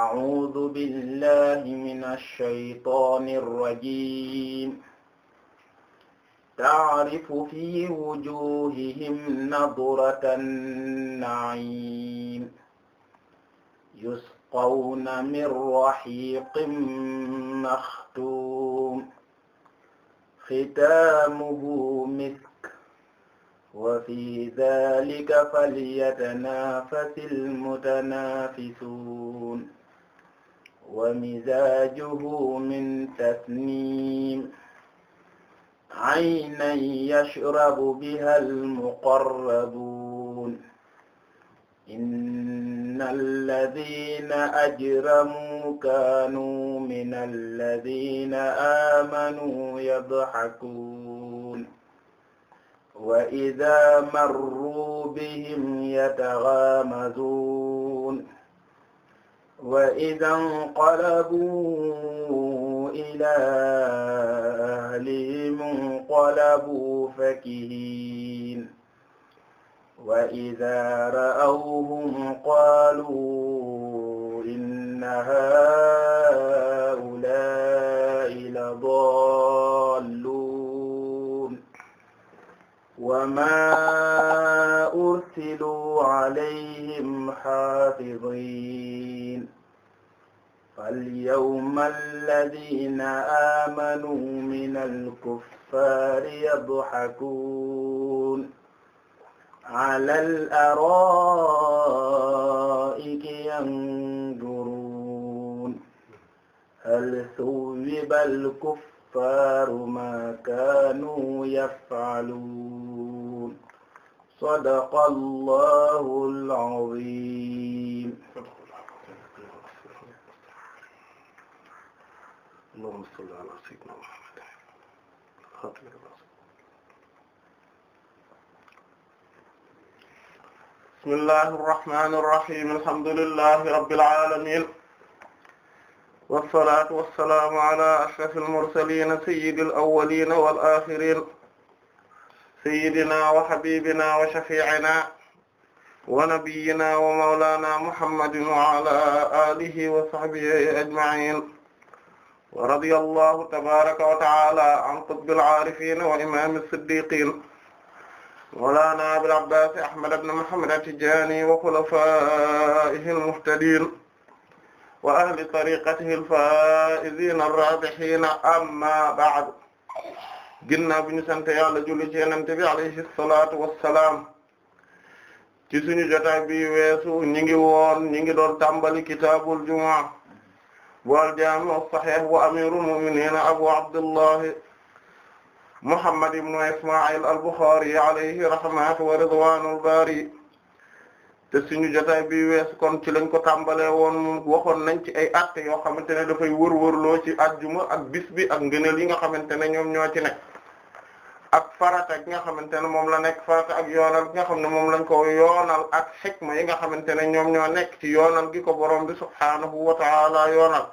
أعوذ بالله من الشيطان الرجيم تعرف في وجوههم نضرة النعيم يسقون من رحيق مختوم ختامه مسك وفي ذلك فليتنافس المتنافسون ومزاجه من تسنيم عينا يشرب بها المقربون إن الذين أجرموا كانوا من الذين آمنوا يضحكون وإذا مروا بهم يتغامزون وإذا انقلبوا إلى أهلهم انقلبوا فكهين وإذا رأوهم قالوا إن هؤلاء لضالون وما أرسلوا عليهم حافظين فاليوم الذين آمنوا من الكفار يضحكون على الأرائك ينظرون هل ثوب الكفار ما كانوا يفعلون صدق الله العظيم allahumma salli ala sayyidina Muhammad xaatimir rasul bismillahi irrahmani irrahim alhamdulillahi rabbil alamin wassalatu wassalaamu ala ashraf almursalin sayyidi alawalina wal axirin sayyidina wa habibina wa shafi'ina wa nabiyyina wa mawlana muhammadin wa ala alihi wa sahbihi ajma'in radiyallahu tabaraka wa taala an qutbil aarifin wa imam as-siddiqin mawlana abil abbas ahmad ibn muhammad at-tijani wa khulafaihi al-muhtadin wa ahli tariqatihi al-faizin ar-rabihin amma ba'd ginnaaw bi ñu sant yàlla julli ci yonent bi alayhi salatu wassalaam ci suñu jotaay bi weesu ñi ngi woon ñi ngi doon tàmbali kitaabul jumaa wal jaami' as-sahih wa amirul mu'minin abu abdullah muhammad ibn isma'il al-bukhari alayhi rahmatu wa ridwanul bari te suñu jotaay bi weesu kon ci lañ ko tàmbalee woon waxoon nañ ci ay actes yoo xamante ne dafay wër-wërloo ci ajjuma ak bis bi ak ngëneel yi nga xamante ne ñoom ñoo ci nekk. farata gi nga xamante ne moom la nekk farata ak yoonal gi moom lañ ko yoonal ak xikma yi nga xamante ne ñoom ñoo nekk ci yoonal gi ko borom bi subhaanahu wa ta'ala yoonal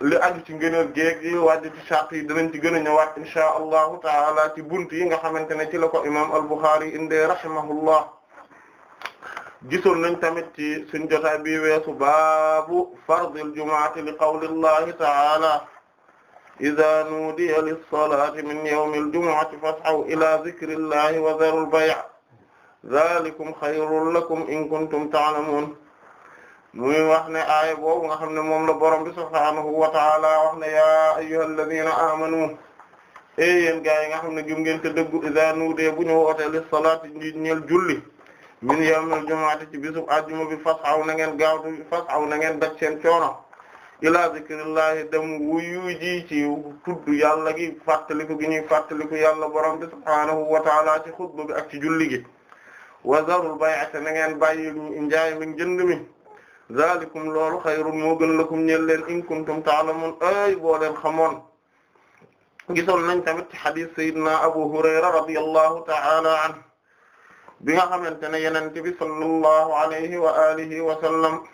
li aju ci ngëneel géeg yi wàjj ci sart ci gën a ñëwaat inchaa allahu taala ci bunt yi nga xamante ne ci la ko imam al-Bukhari indee rahimahullah gisoon nañ tamit ci suñ jotaay bi weesu baabu fardil jumaati li qawlillahi taala iza nudiya lis-salati min yawmil jumu'ati fas'aw ila dhikrillahi wa dharul bay' dhalikum khayrun lakum in kuntum ta'lamun muy wax ne aaya boobu nga xam ne moom la borom bi subhaanahu wa ta'ala wax ne yaa ayyuhalladhina amanu ey yéen gaa yi nga xam ne gëm ngeen te dëggu iza nudiya bu ñu wootee lis-salati ñi ñeel julli min yawmil jumu'ati ci bisub àjjuma bi fas'aw na ngeen gaawtu fas'aw na ngeen daj seen coono ila zikrillahi dem wuyu ji ci tudd yàlla gi fàttaliku gi ñuy fàttaliku yàlla borom bi subhaanahu wa taala ci xutba bi ak ci julli wa zarul bay'ata na ngeen bàyyi lu njaay mi jënd mi zalikum loolu xayrun moo gën lakum ñel leen in kuntum ta'lamun ay boo leen xamoon gisoon nañ tamit ci hadith sayyidina abu hurayra radiyallahu ta'ala anhu bi nga xamante ne yenente bi sallallahu alayhi wa alihi wa sallam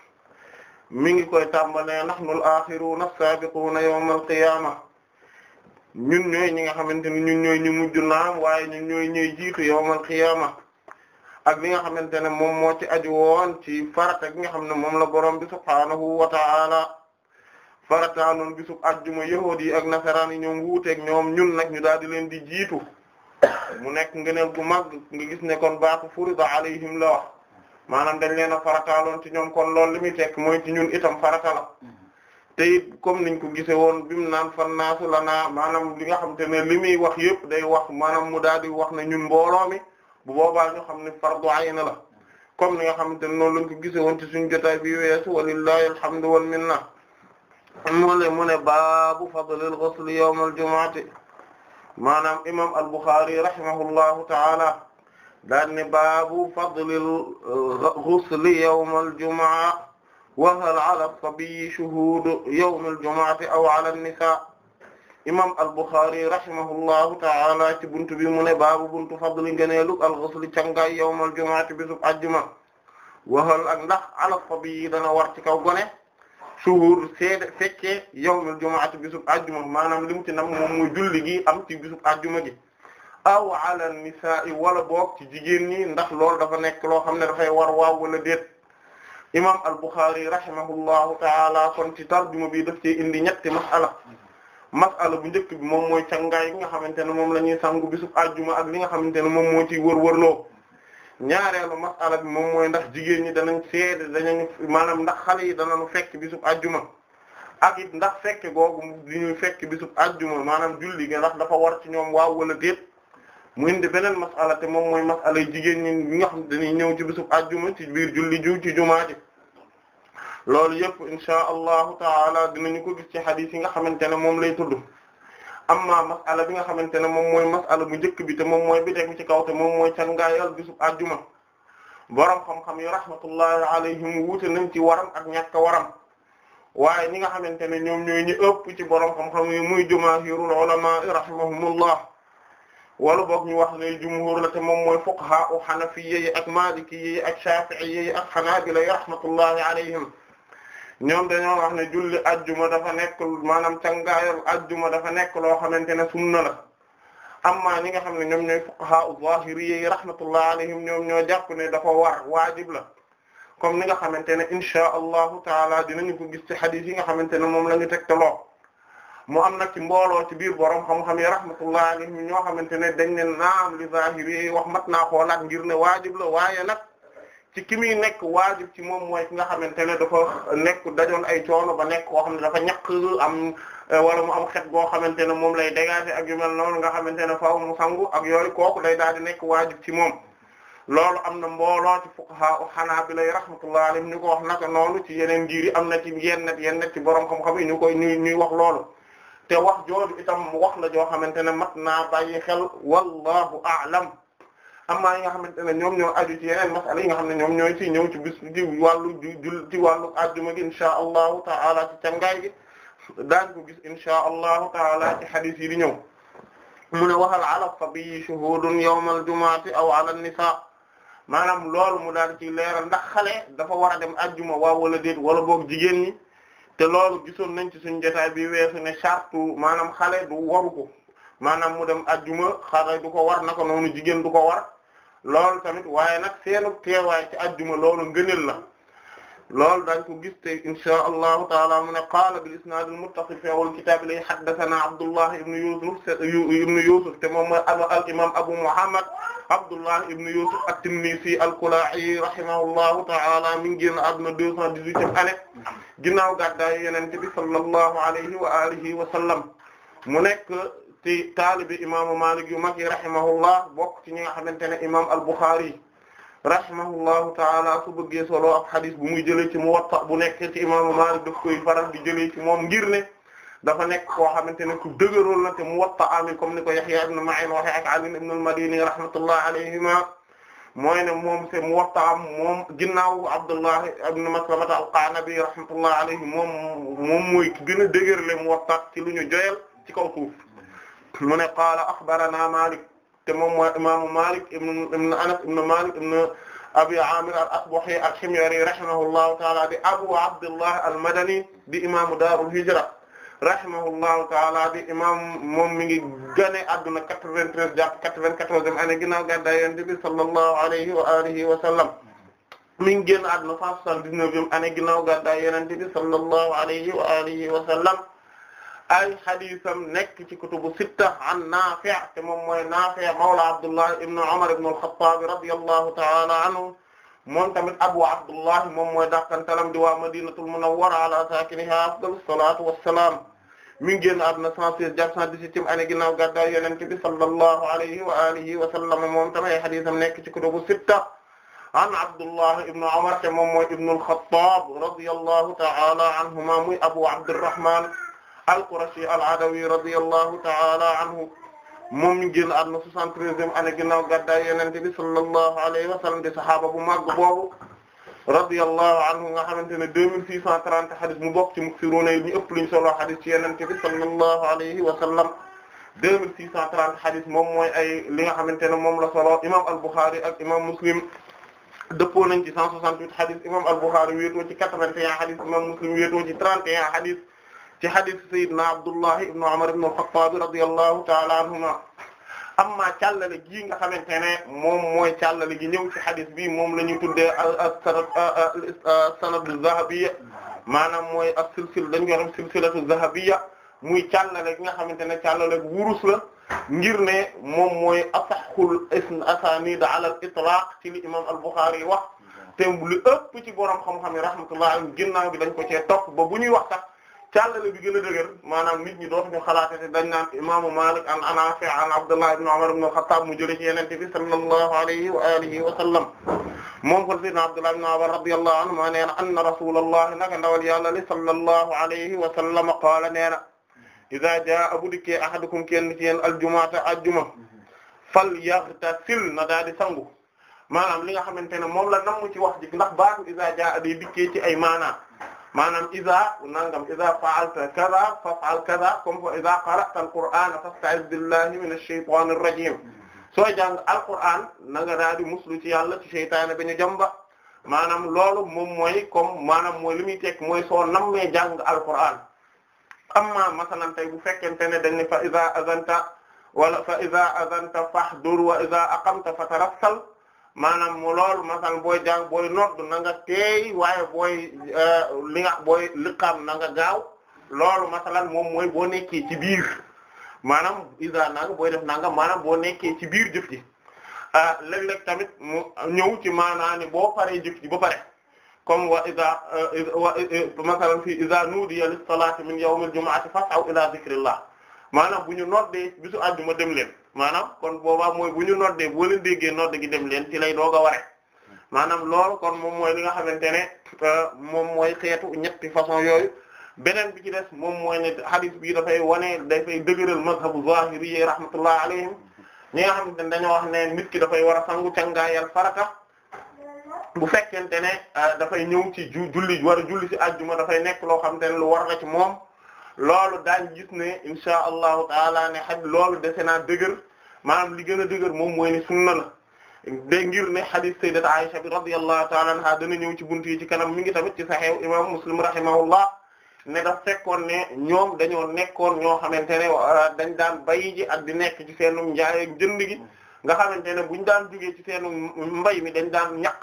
mi ngi koy tàmbalee nahnul axiruna as-sabiquna yawmal qiyama ñun ñooy ñi nga xamante ne ñun ñooy ñu mujj naam waaye ñun ñooy ñu jiitu yawmal qiyama ak li nga xamante ne moom moo ci aju woon ci farata gi nga xam ne moom la borom bi subhaanahu wa ta'ala farata noon bisub ajjuma yahuud yi ak nasaraan yi ñoom wuuteeg ñoom ñun nag ñu daal di leen di jiitu mu nekk ngeneen gu mag nga gis ne kon baatu furida alayhim la wax maanaam dañ leen a farataaloon ci ñoom kon loolu li muy tekk mooy ci ñun itam farata la te it comme niñ ko gisee woon bi mu naan fan naasu la naa maanaam li nga xam te ne li muy wax yëpp day wax maanaam mu daal di wax ne ñun mbooloo mi bu boobaa ñu xam ne fardu ayna la comme ni nga xamante ne noonu lañ ko gisee woon ci suñu jotaay bi weesu walillahi alhamdu wal minna mu ne mu ne baabu fadlil ghusl yawm al jumu'ati maanaam imam al Bukhari rahimahullahu ta'ala daan ne baabu fadlil eh, ghusli yawmal jumaa wa hal ala sabiyyi shuhuud yawmal jumaati aw ala nisaa imam al-Bukhari rahimahullahu ta'ala ci buntu bi mu ne baabu buntu fadli ngëneelu al-ghusli cangaay yawmal jumaati bisub ajjuma wa hal ak ndax ala sabiyyi dana war ci kaw gone shuhuud seede fekkee yawmal jumaati bisub ajjuma maanaam li mu ci nam moom muy julli gi am ci bisub ajjuma gi aw ala nisaa wala boog ci jigéen ñi ndax loolu dafa nekk loo xam ne dafay war waaw wala déet imam al-Bukhari rahimahullahu taala kon ci tarjuma bi daf ci indi ñetti mas'ala mas'ala bu njëkk bi moom mooy cangaay bi nga xamante ne moom la ñuy sangu bisub ajjuma ak li nga xamante ne moom moo ciy wërwërloo ñaareelu mas'ala bi moom mooy ndax jigéen ñi danañ seede danañ maanaam ndax xale yi danañu fekk bisub ajjuma ak ndax fekk googu li ñuy fekk bisub ajjuma maanaam julli gi ndax dafa war ci ñoom waaw wala déet mu indi beneen masala te moom mooy masala yi jigéen ñi nga xam dañuy ñëw ci a ajjuma ci biir julli ju ci jumaa ji loolu yëpp inshaa allahu taala dinañu ko gis ci xadiis yi nga xamante ne moom lay tudd amma masala bi nga xamante ne moom mooy masala mu njëkk bi te moom mooy bi tegu ci kaw te moom mooy cangaayal bisub ajjuma borom xam-xam yi rahmatullahi alayhim wuute nañ ci waram ak ñàkk waram waaye ñi nga xamante ne ñoom ñooy ñu ëpp ci borom xam-xam yi muy jumaahiirul ulamaa rahimahumullah wala boog ñu wax ne jumhur la te moom mooy fuqaha u hanafiyya yi ak maalikiyya yi ak shaafi'iyya yi ak hanaabila yi rahmatullahi alayhim ñoom dañoo wax ne julli ajjuma dafa nekk maanaam cangaayal ajjuma dafa nekk loo xamante ne sunna la amma ñi nga xam ne ñoom ñooy fuqaha u zahiriyya yi rahmatullahi alayhim ñoom ñoo jàpp ne dafa war waajib la comme ni nga xamante ne inshaa allahu taala dinañu ko gis ci hadith yi nga xamante ne moom la ñu tegtaloo mu am na ci mbooloo ci biir borom xam-xam yi rahmatullah alayhim ñoo xamante ne dañ ne naam li zahiri wax mat naa xoolaat ngir ne waajib la waaye nag ci ki muy nekk waajib ci moom mooy ki nga xamante ne dafa nekk dajoon ay coono ba nekk koo xam ne dafa ñàkk am eh, wala mu am xet goo xamante ne moom lay dégager ak yu mel noonu nga xamante ne faaw mu sangu ak yooyu kooku day daal nekk waajib ci moom. loolu am na mbooloo ci fuqaha u hanabila rahmatullahi alayhim ko wax naka noonu ci yeneen ngir am na ci yenn yenn ci borom xam-xam yi ñu ñuy wax loolu te wax jooju itam wax na joo xamante ne mat naa bàyyi xel wallahu a'lam amma yi nga xamante ne ñoom ñoo aju ci yeneen masala yi nga xam ne ñoom ñooy ci ñëw ci bis ci wàllu jul ci wàllu àjjuma gi inshaa allahu taala ci cangaay gi daañ ko gis inshaa allahu taala ci hadith yi di ñëw mu ne waxal ala sabiyi shuhudun yawm al jumaati aw ala nisaa maanaam loolu mu daal ci leeral ndax xale dafa war a dem àjjuma waaw wala déet wala book jigéen ñi te loolu gisoon nañ ci suñu jotaay bi weesu ne sartu maanaam xale du waru ko maanaam mu dem ajjuma xale du ko war naka noonu jigéen du ko war loolu tamit waaye nag seenu teewaay ci ajjuma loolu ngëneel la loolu dañ ko gis te inshaa allahu taala mu ne qaala bil isnaad al muttasil fi awwal kitaab li haddathana abdullah ibn yusuf te moom mooy al imam abu muhammad abdullah ibn yusuf at-tinnisi al-kalaa'i mi ngi génn àdduna deux cent dix ginnaaw gàddaayu yenente bi sallallahu alayhi wa alihi wa sallam mu nekk ci taalibi imaamu Maalik yu mag yi rahimahullah bokk ci ñi nga xamante ne imaam al-Bukhari rahimahullahu taala su bëggee solo ak xadis bu muy jëlee ci Muwatta bu nekk ci imaamu Maalik daf koy faral di jëlee ci moom ngir ne dafa nekk koo xamante ne ku dëgërool la te mu ami comme ni ko Yahya ibn Ma'in waxe ak Ali ibn al-Madini rahmatullah alayhima mooy ne moom c'est Muwatta moom ginnaaw Abdullah ibn Maslama al-Qanabi rahmatullah alayhi moom moom mooy gën a dëgërle Muwatta ci lu ñu joyal ci kaw suuf mu ne qaala akhbarana Malik te moom mooy imaamu Malik ibn Anas ibn Malik ibn Abi Amir al-Asbahi al-Himyari rahimahullahu ta'ala di Abu Abdullah al-Madani di imaamu Daarul Hijra rahimahullahu taala di imam moom mi ngi gane adduna 93 jàpp 94e année ginnaaw gàddaay Yonent bi sallallahu alayhi wa alihi wa sallam mi ngi génn adduna 179e année ginnaaw gàddaay Yonent bi sallallahu alayhi wa alihi wa sallam ay hadisam nekk ci kutubu sitta an Naafi' te moom mooy Naafi' mawla Abdullah ibn Umar ibn al-Khattab radiyallahu taala anhu moom tamit abu abdullah moom mooy dàqantalam di waa madinatul munawwara ala saakiniha afdalu salaatu wassalaam mi ngi génn àdduna 116 jàpp 117 année ginnaaw gàddaay yonent bi sallallahu alayhi wa alihi wa sallam moom tamit ay hadiisam nekk ci kutubu sitta an abdullah ibn umar te moom mooy ibn al-khattab radiyallahu ta'ala abu abdurrahman al-qurashi al-adawi radiyallahu ta'ala anhu moom ñu génn àdduna 73e année ginnaaw gàddaay yonent bi sallallahu alayhi wa di saxaaba bu màgg boobu radiyallahu anhu nga xamante ne 2630 hadith mu bokk ci muksiruna yi ñu ëpp lu ñu solo hadith ci yonent bi sallallahu alayhi wa sallam 2630 hadith moom mooy ay li nga xamante ne moom la solo imam al-Bukhari ak imam Muslim dëppoo nañ ci 168 hadith imam al-Bukhari wéetoo ci 81 hadith imam Muslim wéetoo ci ci hadith sayyidina Abdullah ibn Umar ibn al-Khattab radiyallahu ta'ala anhuma amma càllale gi nga xamante ne moom mooy càllale gi ñëw ci hadith bi moom la ñu tuddee as-sanadu zahabiyya maanaam mooy as-silsila dañ koy def silsilatu zahabiyya muy càllale gi nga xamante ne càllale gu wurus la ngir ne moom mooy asahhul asanid ala al-itlaq ci li imam al-Bukhari wax te lu ëpp ci borom xam-xam yi rahmatullah ginnaaw bi dañ ko cee topp ba bu ñuy wax sax. càllale bi gën a dëgër maanaam nit ñi dootuñu xalaate te dañ naan imaamu Malik an Nafi' an Abdullah ibn Umar ibn al-Khattab mu jëlee ci Yonent bi sallallahu alayhi wa alihi wa sallam moom ko sayyidina Abdullah ibn Umar radiyallahu anhu maa nee na anna rasulullah naka ndawal yàlla li sallallahu alayhi wa sallam qaala nee na iza jaa bu dikkee ahadukum kenn ci yéen aljumata aljuma fal yaghtasil na daa di sangu maanaam li nga xamante ne moom la namm ci wax ji ndax baatu iza jaa day dikkee ci ay maanaa maanaam iza nangam iza fa'alta kaza fa'al kaza comme fa iza qara'ta al-qur'ana fasta'iz billahi minash shaytanir rajim soo jàng alquran na nga daal di muslu ci yàlla ci seytaane ba ñu jàmba maanaam loolu moom mooy comme maanaam mooy li muy teg mooy soo nammee jàng alquran amma masalan tey bu fekkente ne dañ ne fa iza azanta wala fa iza azanta fahduru wa iza aqamta fatarassal maanaam mu loolu masal booy jàng booy nodd nanga nga waaye booy euh, li nga booy liqaam na nga gaaw loolu masalan moom mooy boo nekkee ci biir maanaam isa nanga booy def nanga maanaam boo nekkee ci biir jëf ji euh, léeg-léeg tamit mu ñëw ci maanaa ni boo paree jëf ji ba pare comme wa isa euh, wa masalan fii isa nuudiya lis salaati min yawmil jumu'ati fas'aw ila zikrillah maanaam bu ñu noddee bisu àjjuma dem leen maanaam kon boobaa mooy bu ñu noddee boo leen déggee nodd gi dem leen ci lay doog a ware maanaam loolu kon moom mooy li nga xamante ne euh, moom mooy xeetu ñetti façon yooyu beneen bi ci des moom mooy ne hadith bi dafay wane dafay dëgëral mazhabu zahiri yi rahmatullah alayhim ñi nga xamante ne dañoo wax ne nit ki dafay war a sangu cangaayal farata bu fekkente ne euh, dafay ñëw ci ju julli war a julli ci àjjuma dafay nekk loo xamante ne lu war la ci moom loolu daañ gis ne insha allahu taala loolu dese naa dëgër maanaam li gën a dëgër moom mooy ne sunna la ngir ne hadith a Aisha bi radiyallahu ta'ala anha dana ñëw ci buntu yi ci kanam mi ngi tamit ci Sahih imam Muslim rahimahullah ne daf fekkoon ne ñoom dañoo nekkoon ñoo xamante ne dañ daan bay ji ak di nekk ci seenu njaay jënd gi nga xamante ne buñ daan jugee ci seenu mbay mi dañ daan ñàkk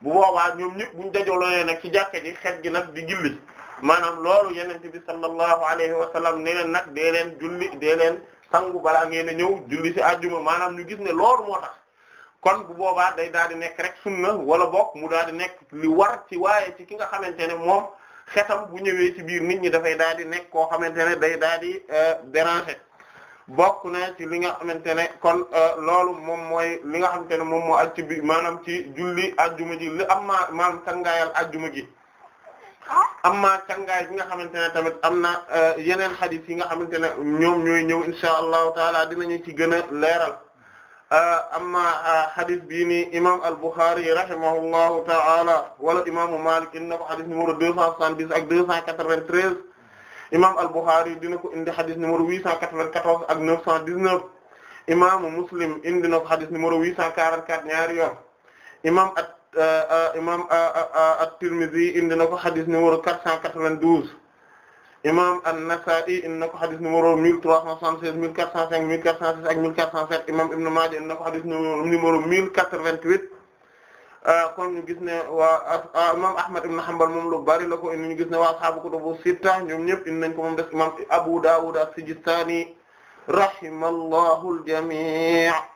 bu boobaa ñoom ñëpp buñ dajaloonee nag ci jàkke ji xet gi nag di gilli maanaam loolu yenente bi sallallahu alayhi wa sallam nag dee leen julli sangu balaa ngeen a ñëw julli ci àjjuma maanaam ñu gis ne loolu moo tax kon bu boobaa day daal di nekk rek sunna wala bokk mu daal di nekk li war ci waaye ci ki nga xamante ne moom xetam bu ñëwee ci biir nit ñi dafay daal di nekk koo xamante ne day daal di euh, déranger bokk na ci li nga xamante ne kon euh, loolu moom mooy li nga xamante ne moom mooy aj ci bi maanaam ci julli àjjuma ji li am maa maanaam sangaayal àjjuma ji amma cangaay bi nga xamante ne tamit am na euh, yeneen xadis yi nga xamante ne ñoom ñooy ñëw insha allahu taala dinañu ci gën a leeral euh, amma euh, xadis bii nii imam al-Bukhari rahimahullahu taala wala imaamu Malik indi na ko xadis numéro deux cent soixante-dix ak deux cent quatre-vingt-treize imam al-Bukhari dina ko indi xadis numéro huit cent quatre-vingt-quatorze ak neuf cent dix-neuf imaamu Muslim indi na ko xadis numéro huit cent quarante-quatre ñaari yoon imam at uh, uh, imam uh, at-Tirmidhi indi na ko xadis numéro 492 imam an-Nasa'i indi na ko xadis numéro 1376 1405 1406 ak 1407 imam Ibn Maaja indi na ko xadis numéro 1088 kon ñu gis ne waa imam Ahmad ibn Hanbal moom lu bari la ko indi ñu gis ne waa ashaabu kutubu sitta ñoom ñëpp indi nañ ko moom des imam Abu Dawud as-Sijistani rahimallahu al-jami'